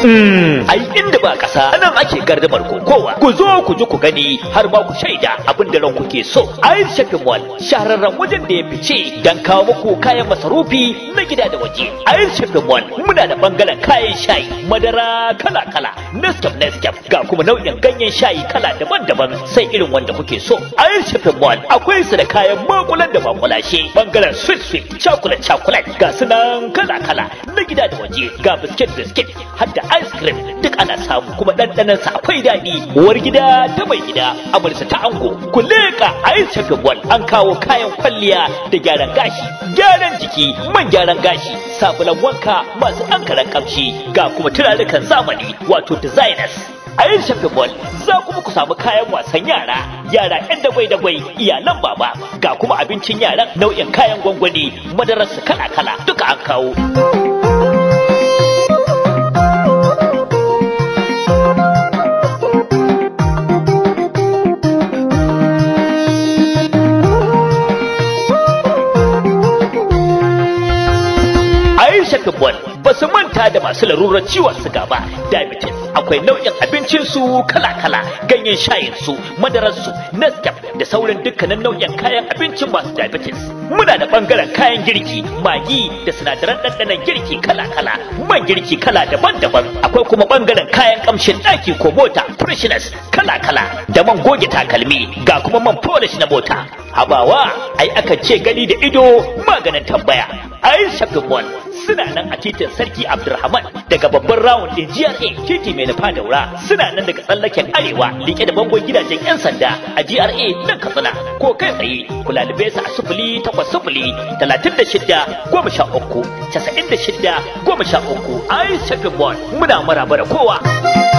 Hmm. a inda ba ƙasa anan ake gardamar kokowa ku zo ku ji ku gani har ba ku shaida abin da ranku ke so ayin shopping mall shahararren wajen da ya fice dan kawo muku kayan masarufi na gida da waje ayin shopping mall muna da bangaren kayan shayi madara kala kala Nescafe Nescafe ga kuma nau'in ganyen shayi kala daban-daban sai irin wanda kuke so. A shafin Mall akwai su da kayan makulan da makulashe bangaren sweet sweet chocolate chocolate ga su nan kala-kala na gida da waje ga biskit biskit har da ice cream duk ana samu kuma ɗanɗanansa mai daɗi uwar gida ta mai gida amarsa ta ango ku leƙa shafin gabwal an kawo kayan kwalliya da gyaran gashi gyaran jiki man gyaran gashi sabulan wanka masu ankaran kamshi ga kuma turarukan zamani wato designers a yin shafibol za kuma ku samu kayan wasan yara yara yan dagwai-dagwai iyalan baba ga kuma abincin yaran nau'in kayan gwangwani madararsu kala-kala duka an kawo. kasashen Gabon ba su manta da masu larurar ciwon suga ba diabetes akwai nau'in abincin su kala-kala ganyen shayin su madarar su da sauran dukkanin nau'in kayan abincin masu diabetes muna da bangaren kayan girki magi da sinadaran ɗanɗanon girki kala-kala man girki kala daban-daban akwai kuma bangaren kayan kamshin ɗaki ko mota freshness kala-kala da man goge takalmi ga kuma man polish na mota habawa ai aka ce gani da ido maganin tambaya ai shafin suna nan a titin sarki abdulrahman daga babban rawun din GRA titi mai nufa daura suna nan daga tsallaken arewa liƙe da bangon gidajen 'yan sanda a GRA nan katsina ko kai tsaye ku lalube su a sufuli takwas sufuli talatin da shida goma sha uku casa'in da shida goma sha uku a yi muna ba da kowa.